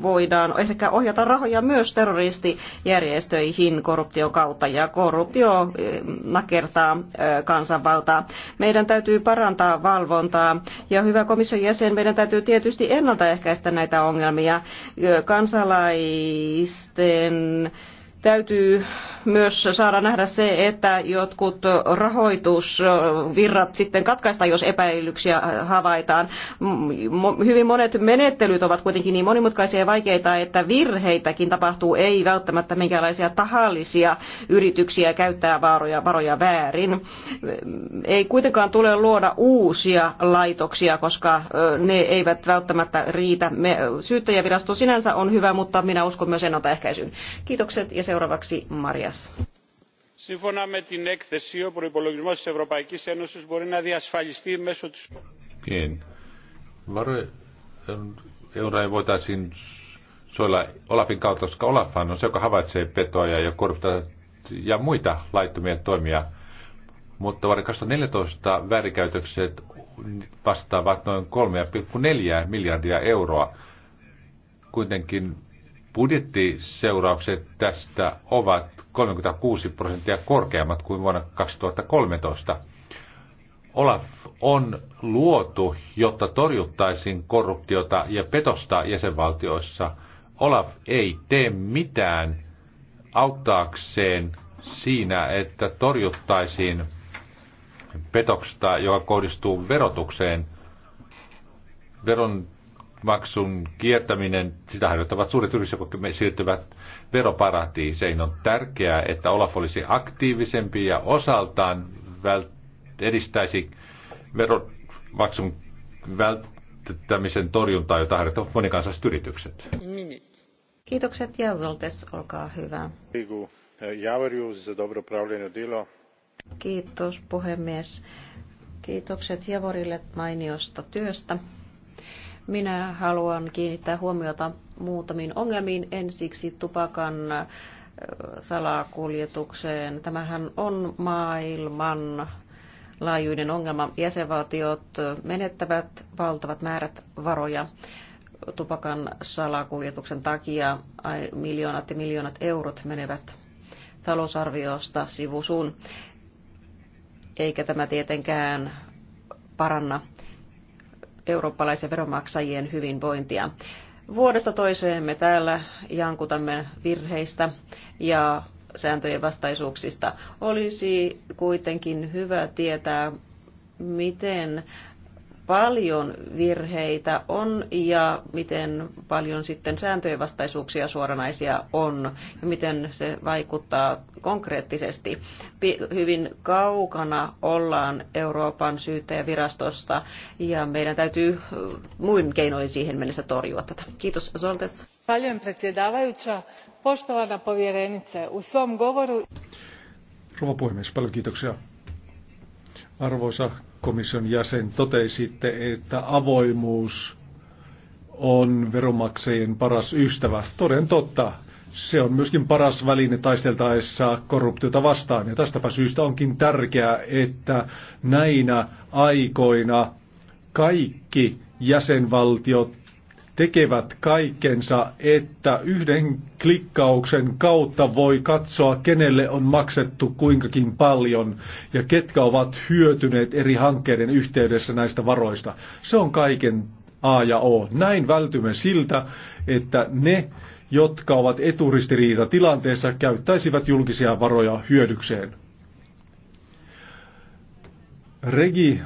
voi voidaan ehkä ohjata rahoja myös terroristijärjestöihin korruption kautta ja korruptio eh, nakertaa eh, kansanvaltaa. Meidän täytyy parantaa valvontaa ja hyvä komission jäsen, meidän täytyy tietysti ennaltaehkäistä näitä ongelmia eh, kansalaisten Täytyy myös saada nähdä se, että jotkut rahoitusvirrat sitten katkaistaan, jos epäilyksiä havaitaan. Hyvin monet menettelyt ovat kuitenkin niin monimutkaisia ja vaikeita, että virheitäkin tapahtuu, ei välttämättä minkälaisia tahallisia yrityksiä käyttää varoja, varoja väärin. Ei kuitenkaan tule luoda uusia laitoksia, koska ne eivät välttämättä riitä. Me, syyttäjävirasto sinänsä on hyvä, mutta minä uskon myös ennaltaehkäisyyn. Kiitokset ja se Seuraavaksi Marias. Σύμφωνα με την έκθεση, ο προπολογισμό τη Ευρωπαϊκή Ένωση μπορεί να διασφαλιστεί μέσω τη. Eh, euroja voitaisiin soilla Olafin kautta, koska Olaf on se, joka havaitsee petoja ja korruptiota ja muita laittomia toimia. Mutta vuoden 2014 väärinkäytökset vastaavat noin 3,4 miljardia euroa. Kuitenkin Budjettiseuraukset tästä ovat 36 prosenttia korkeammat kuin vuonna 2013. Olaf on luotu, jotta torjuttaisiin korruptiota ja petosta jäsenvaltioissa. Olaf ei tee mitään auttaakseen siinä, että torjuttaisiin petoksesta, joka kohdistuu verotukseen. Veron maksun kiertäminen, sitä harjoittavat suuret yritykset, jotka me siirtyvät veroparatiiseihin. On tärkeää, että Olaf olisi aktiivisempi ja osaltaan edistäisi veromaksun välttämisen torjuntaa, jota harjoittavat monikansalliset yritykset. Kiitokset ja Zoltes, olkaa hyvä. Eh, Kiitos puhemies. Kiitokset Javorille mainiosta työstä. Minä haluan kiinnittää huomiota muutamiin ongelmiin. Ensiksi tupakan salakuljetukseen. Tämähän on maailman laajuinen ongelma. Jäsenvaltiot menettävät valtavat määrät varoja tupakan salakuljetuksen takia. Miljoonat ja miljoonat eurot menevät talousarviosta sivusuun. Eikä tämä tietenkään paranna eurooppalaisen veronmaksajien hyvinvointia. Vuodesta toiseen me täällä jankutamme virheistä ja sääntöjen vastaisuuksista. Olisi kuitenkin hyvä tietää, miten paljon virheitä on ja miten paljon sitten sääntöjen vastaisuuksia suoranaisia on ja miten se vaikuttaa konkreettisesti. Hyvin kaukana ollaan Euroopan syyttäjävirastosta ja meidän täytyy muin keinoin siihen mennessä torjua tätä. Kiitos Zoltes. Paljon predsjedavajuća, poštovana povjerenice, u svom govoru... Rouva puhemies, paljon kiitoksia. Arvoisa komission jäsen, totesitte, että avoimuus on veronmaksajien paras ystävä. Toden totta, se on myöskin paras väline taisteltaessa korruptiota vastaan. Ja tästäpä syystä onkin tärkeää, että näinä aikoina kaikki jäsenvaltiot tekevät kaikkensa, että yhden klikkauksen kautta voi katsoa, kenelle on maksettu kuinkakin paljon ja ketkä ovat hyötyneet eri hankkeiden yhteydessä näistä varoista. Se on kaiken A ja O. Näin vältymme siltä, että ne, jotka ovat eturistiriita tilanteessa, käyttäisivät julkisia varoja hyödykseen. Regi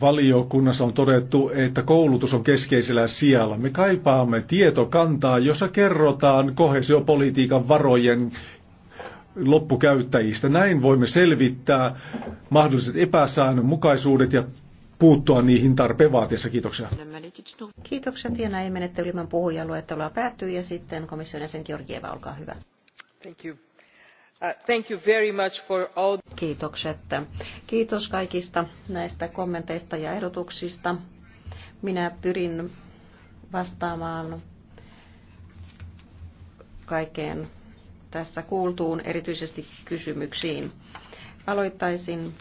valiokunnassa on todettu, että koulutus on keskeisellä sijalla. Me kaipaamme tietokantaa, jossa kerrotaan kohesiopolitiikan varojen loppukäyttäjistä. Näin voimme selvittää mahdolliset epäsäännönmukaisuudet ja puuttua niihin tarpeen vaatiessa. Kiitoksia. Kiitoksia ja näin menettelyilman puhujaluettelua päättyy ja sitten komission jäsen Georgieva, olkaa hyvä. Thank you. Uh, thank you very much for all... Kiitokset. Kiitos kaikista näistä kommenteista ja ehdotuksista. Minä pyrin vastaamaan kaikkeen tässä kuultuun, erityisesti kysymyksiin. Aloittaisin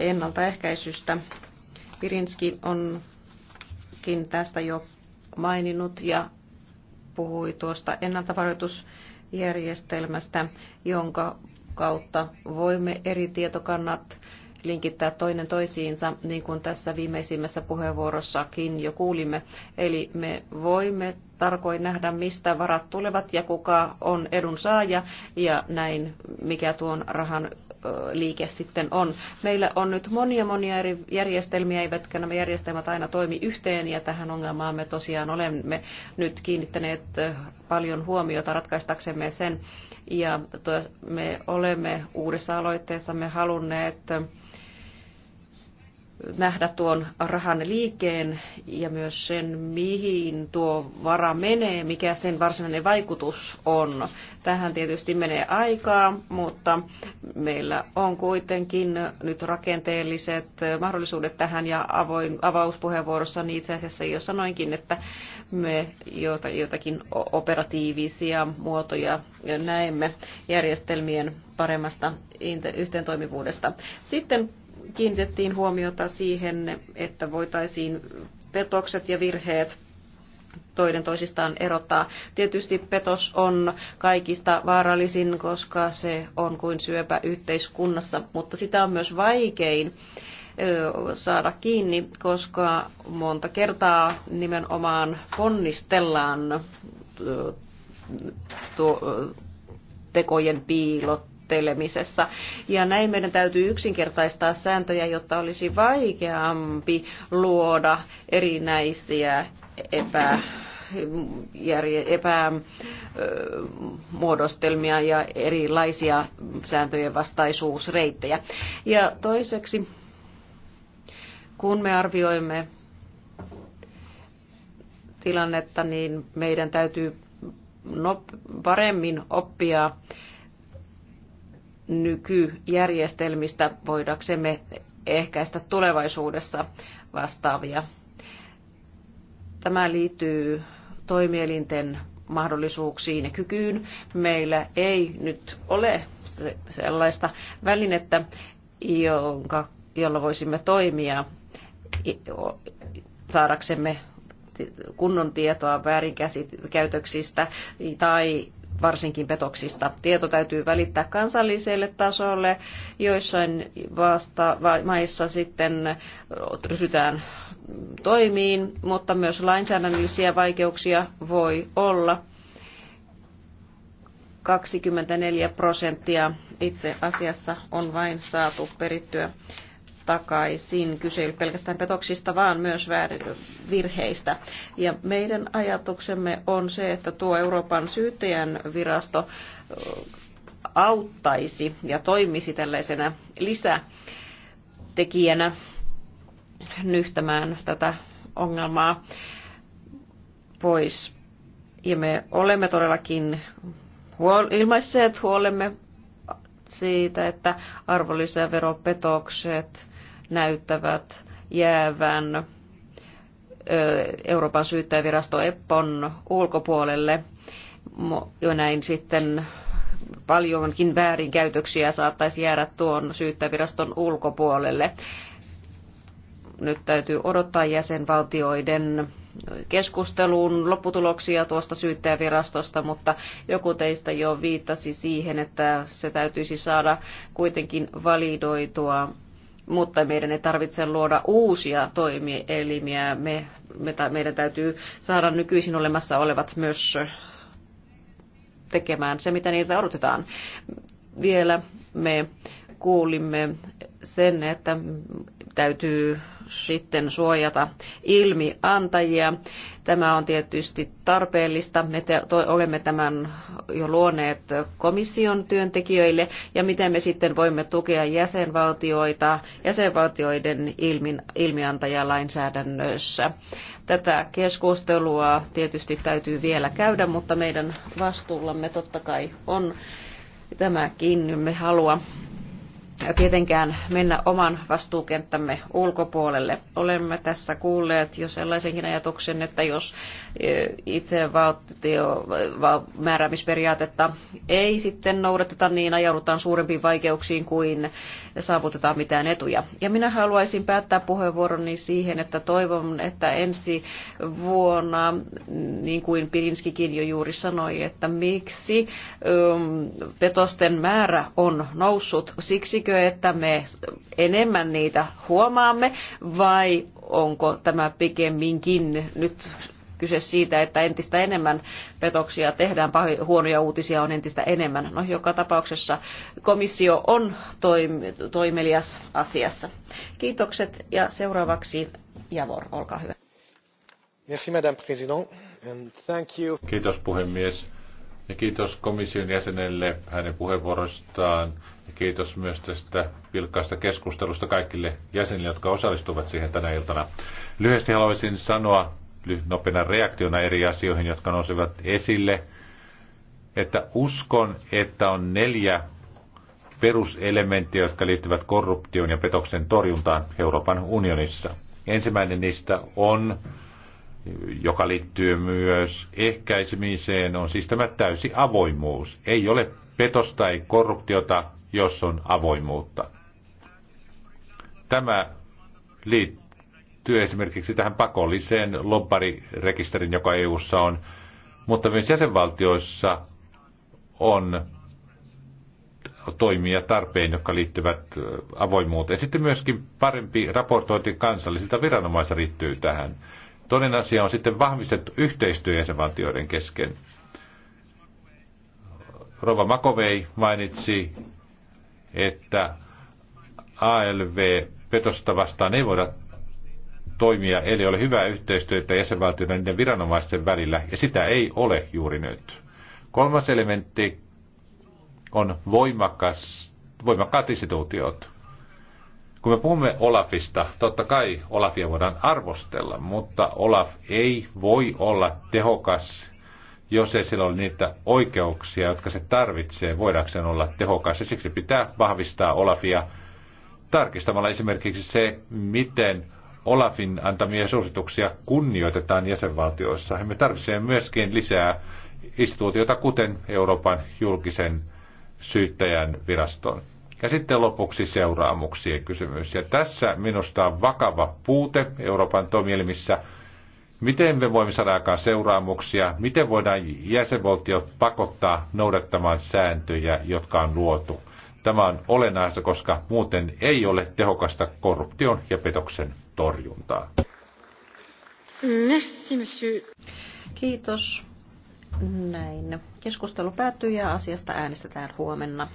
ennaltaehkäisystä. Pirinski onkin tästä jo maininnut ja puhui tuosta ennaltavaroitus- järjestelmästä, jonka kautta voimme eri tietokannat linkittää toinen toisiinsa, niin kuin tässä viimeisimmässä puheenvuorossakin jo kuulimme. Eli me voimme tarkoin nähdä, mistä varat tulevat ja kuka on edunsaaja ja näin, mikä tuon rahan liike sitten on. Meillä on nyt monia monia eri järjestelmiä, eivätkä nämä järjestelmät aina toimi yhteen ja tähän ongelmaan me tosiaan olemme nyt kiinnittäneet paljon huomiota ratkaistaksemme sen ja me olemme uudessa aloitteessamme halunneet nähdä tuon rahan liikkeen ja myös sen, mihin tuo vara menee, mikä sen varsinainen vaikutus on. Tähän tietysti menee aikaa, mutta meillä on kuitenkin nyt rakenteelliset mahdollisuudet tähän ja avoin, avauspuheenvuorossa itse asiassa jo sanoinkin, että me jotakin operatiivisia muotoja näemme järjestelmien paremmasta yhteentoimivuudesta. Sitten kiinnitettiin huomiota siihen, että voitaisiin petokset ja virheet toinen toisistaan erottaa. Tietysti petos on kaikista vaarallisin, koska se on kuin syöpä yhteiskunnassa, mutta sitä on myös vaikein saada kiinni, koska monta kertaa nimenomaan ponnistellaan tuo tekojen piilot toteuttelemisessa. Ja näin meidän täytyy yksinkertaistaa sääntöjä, jotta olisi vaikeampi luoda erinäisiä epä epämuodostelmia ja erilaisia sääntöjen vastaisuusreittejä. Ja toiseksi, kun me arvioimme tilannetta, niin meidän täytyy paremmin oppia nykyjärjestelmistä voidaksemme ehkäistä tulevaisuudessa vastaavia. Tämä liittyy toimielinten mahdollisuuksiin ja kykyyn. Meillä ei nyt ole sellaista välinettä, jonka, jolla voisimme toimia saadaksemme kunnon tietoa väärinkäytöksistä tai varsinkin petoksista. Tieto täytyy välittää kansalliselle tasolle, joissain vasta maissa sitten ryhdytään toimiin, mutta myös lainsäädännöllisiä vaikeuksia voi olla. 24 prosenttia itse asiassa on vain saatu perittyä takaisin. Kyse ei ole pelkästään petoksista, vaan myös virheistä. Ja meidän ajatuksemme on se, että tuo Euroopan syyttäjän virasto auttaisi ja toimisi tällaisena lisätekijänä nyhtämään tätä ongelmaa pois. Ja me olemme todellakin huol- ilmaisseet huolemme siitä, että arvonlisäveropetokset näyttävät jäävän Euroopan syyttäjävirasto EPPON ulkopuolelle. Jo näin sitten paljonkin väärinkäytöksiä saattaisi jäädä tuon syyttäjäviraston ulkopuolelle. Nyt täytyy odottaa jäsenvaltioiden keskustelun lopputuloksia tuosta syyttäjävirastosta, mutta joku teistä jo viittasi siihen, että se täytyisi saada kuitenkin validoitua mutta meidän ei tarvitse luoda uusia toimielimiä. Me, me, meidän täytyy saada nykyisin olemassa olevat myös tekemään se, mitä niiltä odotetaan. Vielä me kuulimme sen, että täytyy sitten suojata ilmiantajia. Tämä on tietysti tarpeellista. Me olemme tämän jo luoneet komission työntekijöille ja miten me sitten voimme tukea jäsenvaltioita jäsenvaltioiden ilmin, ilmiantajalainsäädännössä. Tätä keskustelua tietysti täytyy vielä käydä, mutta meidän vastuullamme totta kai on tämäkin. Me halua tietenkään mennä oman vastuukenttämme ulkopuolelle. Olemme tässä kuulleet jo sellaisenkin ajatuksen, että jos e, itse valtio, määräämisperiaatetta ei sitten noudateta, niin ajaudutaan suurempiin vaikeuksiin kuin saavutetaan mitään etuja. Ja minä haluaisin päättää puheenvuoroni siihen, että toivon, että ensi vuonna, niin kuin Pirinskikin jo juuri sanoi, että miksi petosten määrä on noussut, siksi Riittäisikö, että me enemmän niitä huomaamme vai onko tämä pikemminkin nyt kyse siitä, että entistä enemmän petoksia tehdään, pahoja, huonoja uutisia on entistä enemmän. No joka tapauksessa komissio on toim, toimelias asiassa. Kiitokset ja seuraavaksi Javor, olkaa hyvä. Merci, Madame President, and thank you. Kiitos puhemies ja kiitos komission jäsenelle hänen puheenvuorostaan ja kiitos myös tästä vilkkaasta keskustelusta kaikille jäsenille, jotka osallistuvat siihen tänä iltana. Lyhyesti haluaisin sanoa nopeana reaktiona eri asioihin, jotka nousivat esille, että uskon, että on neljä peruselementtiä, jotka liittyvät korruption ja petoksen torjuntaan Euroopan unionissa. Ensimmäinen niistä on, joka liittyy myös ehkäisemiseen, on siis tämä täysi avoimuus. Ei ole petosta, ei korruptiota, jos on avoimuutta. Tämä liittyy esimerkiksi tähän pakolliseen lobbarirekisterin, joka EU:ssa on, mutta myös jäsenvaltioissa on toimia tarpeen, jotka liittyvät avoimuuteen. Sitten myöskin parempi raportointi kansallisilta viranomaisilta liittyy tähän. Toinen asia on sitten vahvistettu yhteistyö jäsenvaltioiden kesken. Rova Makovei mainitsi että ALV-petosta vastaan ei voida toimia, eli ole hyvää yhteistyötä jäsenvaltioiden ja niiden viranomaisten välillä, ja sitä ei ole juuri nyt. Kolmas elementti on voimakas, voimakkaat instituutiot. Kun me puhumme Olafista, totta kai Olafia voidaan arvostella, mutta Olaf ei voi olla tehokas jos ei sillä ole niitä oikeuksia, jotka se tarvitsee voidakseen olla tehokas. Ja siksi pitää vahvistaa Olafia tarkistamalla esimerkiksi se, miten Olafin antamia suosituksia kunnioitetaan jäsenvaltioissa. Ja me tarvitsemme myöskin lisää instituutiota, kuten Euroopan julkisen syyttäjän viraston. Ja sitten lopuksi seuraamuksien kysymys. Ja tässä minusta on vakava puute Euroopan toimielimissä, Miten me voimme saada aikaan seuraamuksia? Miten voidaan jäsenvaltiot pakottaa noudattamaan sääntöjä, jotka on luotu? Tämä on olennaista, koska muuten ei ole tehokasta korruption ja petoksen torjuntaa. Merci, monsieur. Kiitos. Näin. Keskustelu päättyy ja asiasta äänestetään huomenna.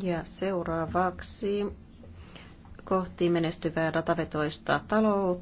Ja seuraavaksi kohti menestyvää datavetoista taloutta.